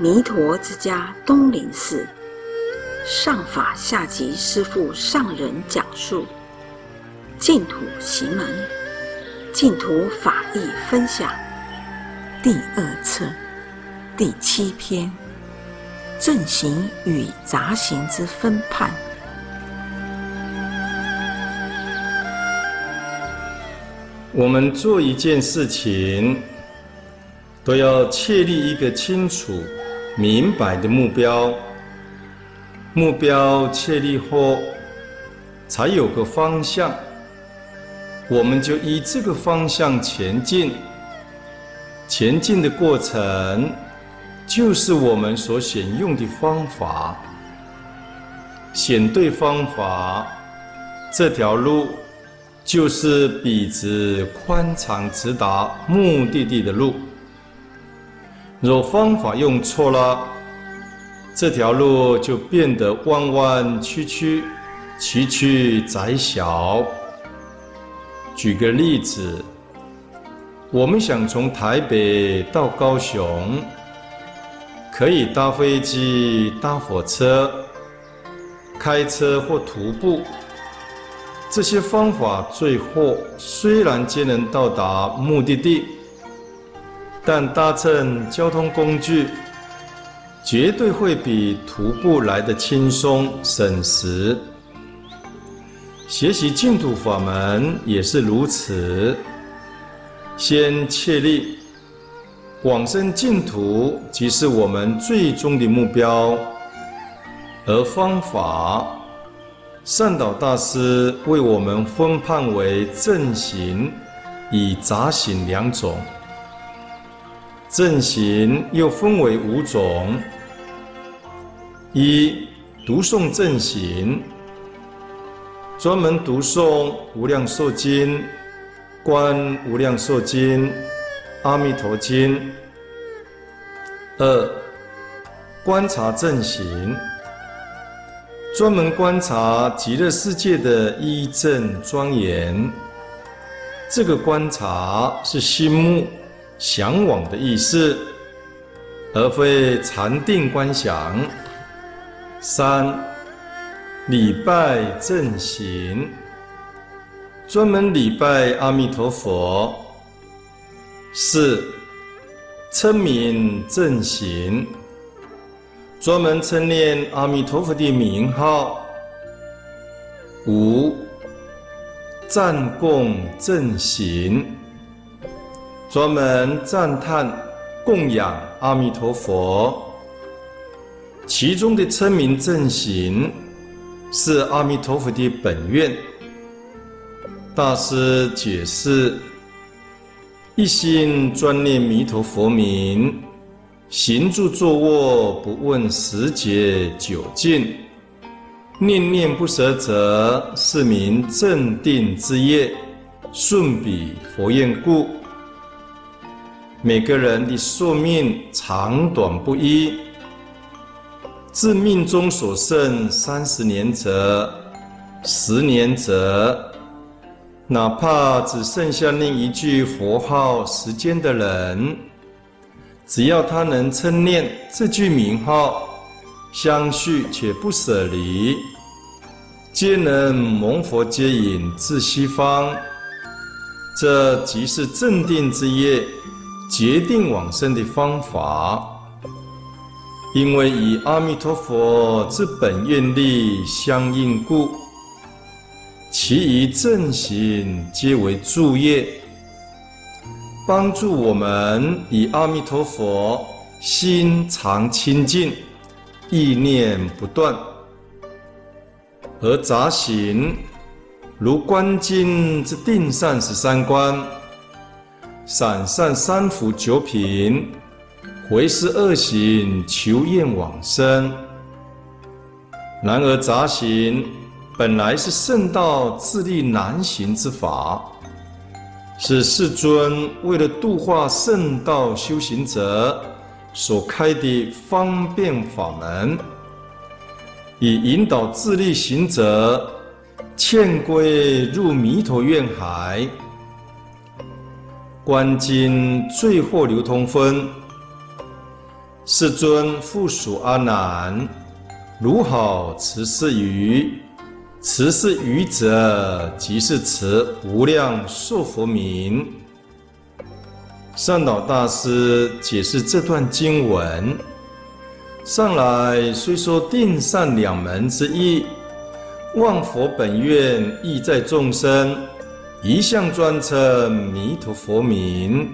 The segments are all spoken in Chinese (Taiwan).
彌陀之家東林寺上法下寂師父上人講述《淨土行門》淨土法義分享第二冊第七篇：正行與雜行之分判。我們做一件事情，都要確立一個清楚。明白的目標，目標確立後，才有個方向。我們就依這個方向前進，前進的過程就是我們所選用的方法。選對方法，這條路就是筆直、寬敞、直達目的地的路。若方法用錯了，這條路就變得彎彎曲曲、崎嶇窄小。舉個例子，我們想從台北到高雄，可以搭飛機、搭火車、開車或徒步。這些方法最後雖然皆能到達目的地。但搭乘交通工具，絕對會比徒步來得輕鬆省時。學習淨土法門也是如此。先確立往生淨土，即是我們最終的目標。而方法，善導大師為我們分判為正行、與雜行兩種。正行又分為五種：一、讀誦正行，專門讀誦《無量壽經》、《觀無量壽經》、《阿彌陀經》；二、觀察正行，專門觀察極樂世界的依正莊嚴。這個觀察是心目嚮往的意思，而非禪定觀想。三、禮拜正行，專門禮拜阿彌陀佛。四、稱名正行，專門稱念阿彌陀佛的名號。五、贊供正行。專門讚嘆供養阿彌陀佛，其中的稱名正行是阿彌陀佛的本願。大師解釋：一心專念彌陀佛名，行住坐臥不問時節久近，念念不舍者是名正定之業，順彼佛願故。每個人的壽命長短不一，自命中所剩三十年者，十年者，哪怕只剩下那一句佛號時間的人，只要他能稱念這句名號，相續且不捨離，皆能蒙佛接引至西方。這即是正定之業，決定往生的方法，因為以阿彌陀佛之本願力相應故，其餘正行皆為助業，幫助我們以阿彌陀佛心常清淨，意念不斷，而雜行如觀經之定善十三觀。散善三福九品，回斯二行，求願往生。然而雜行本來是聖道自力難行之法，是世尊為了度化聖道修行者所開的方便法門，以引導自力行者，漸歸入彌陀願海。觀經最後流通分，世尊付囑阿難，汝好持是語，持是語者即是持無量壽佛名。善導大師解釋這段經文，上來雖說定善兩門之意，望佛本願意在眾生。一向專稱彌陀佛名，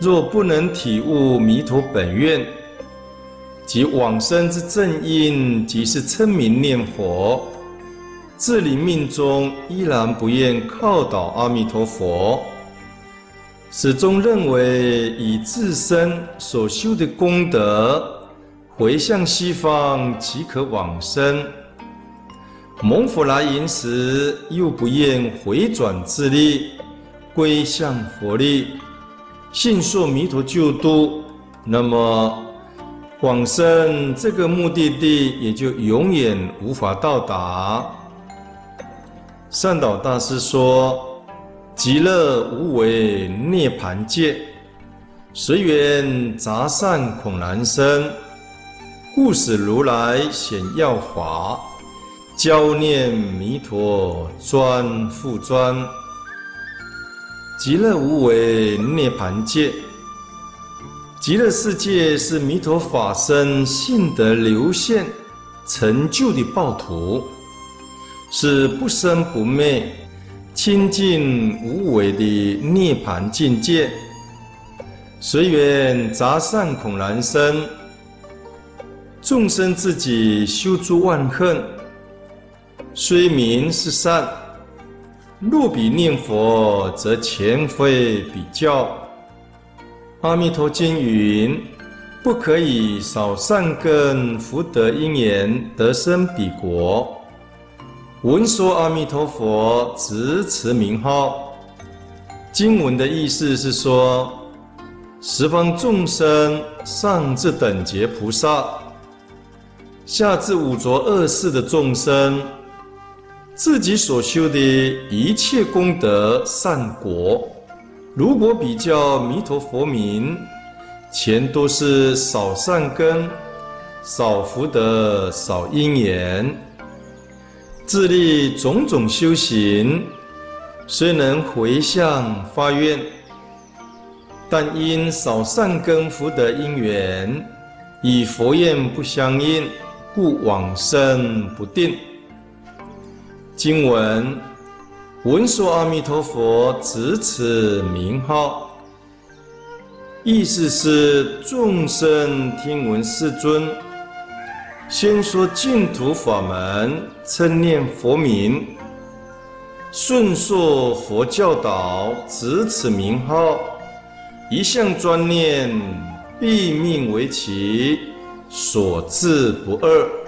若不能體悟彌陀本願即往生之正因，即是稱名念佛，自力命中依然不願靠倒阿彌陀佛，始終認為以自身所修的功德迴向西方即可往生。蒙佛來迎時，又不願回轉自力，歸向佛力，信受彌陀救度，那麼往生這個目的地也就永遠無法到達。善導大師說：“極樂無為涅槃界，隨緣雜善恐難生，故使如來顯要法。”教念彌陀專復專，極樂無為涅槃界。極樂世界是彌陀法身性德流現成就的報土，是不生不滅、清淨無為的涅槃境界。隨緣雜善恐難生，眾生自己修諸萬恨。雖名是善，若比念佛，則前非比較。阿彌陀經云：“不可以少善根福德因緣得生彼國。”聞說阿彌陀佛，執持名號。經文的意思是說，十方眾生，上至等覺菩薩，下至五濁惡世的眾生。自己所修的一切功德善果，如果比較彌陀佛名，全都是少善根、少福德、少因緣，自力種種修行雖能回向發願，但因少善根福德因緣，與佛願不相應，故往生不定。經文聞說阿彌陀佛執持名號，意思是眾生聽聞世尊，先說淨土法門，稱念佛名，順受佛教導，執持名號，一向專念，畢命為期所至不二。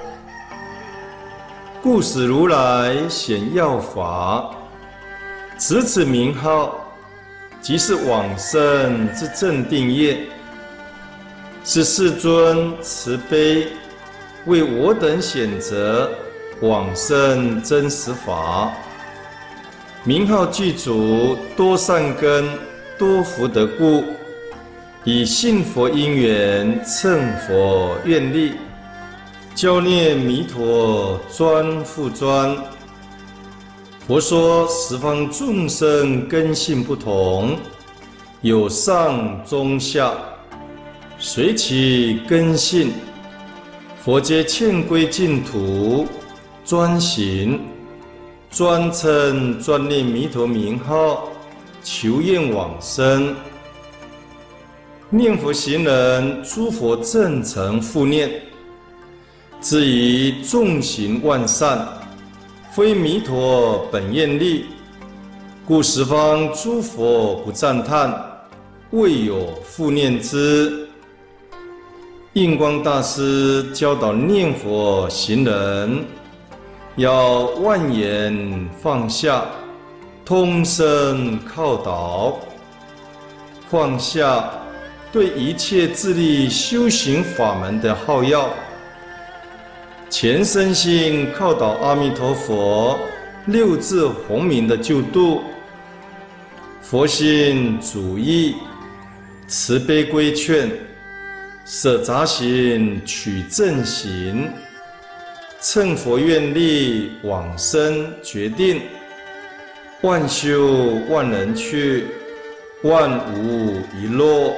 故使如來選要法，此此名號，即是往生之正定業。是世尊慈悲，為我等選擇往生真實法。名號具足，多善根，多福德故，以信佛因緣，乘佛願力。教念彌陀專復專，佛說十方眾生根性不同，有上中下，隨其根性，佛皆勸歸淨土，專行、專稱、專念彌陀名號，求願往生。念佛行人，諸佛證誠復念。至於眾行萬善，非彌陀本願力，故十方諸佛不讚歎，未有復念之。印光大師教導念佛行人，要萬緣放下，通身靠倒，放下對一切自力修行法門的好樂。全身心靠倒阿彌陀佛六字洪名的救度，佛心主義，慈悲規勸，捨雜行取正行，乘佛願力往生決定，萬修萬人去，萬無一落。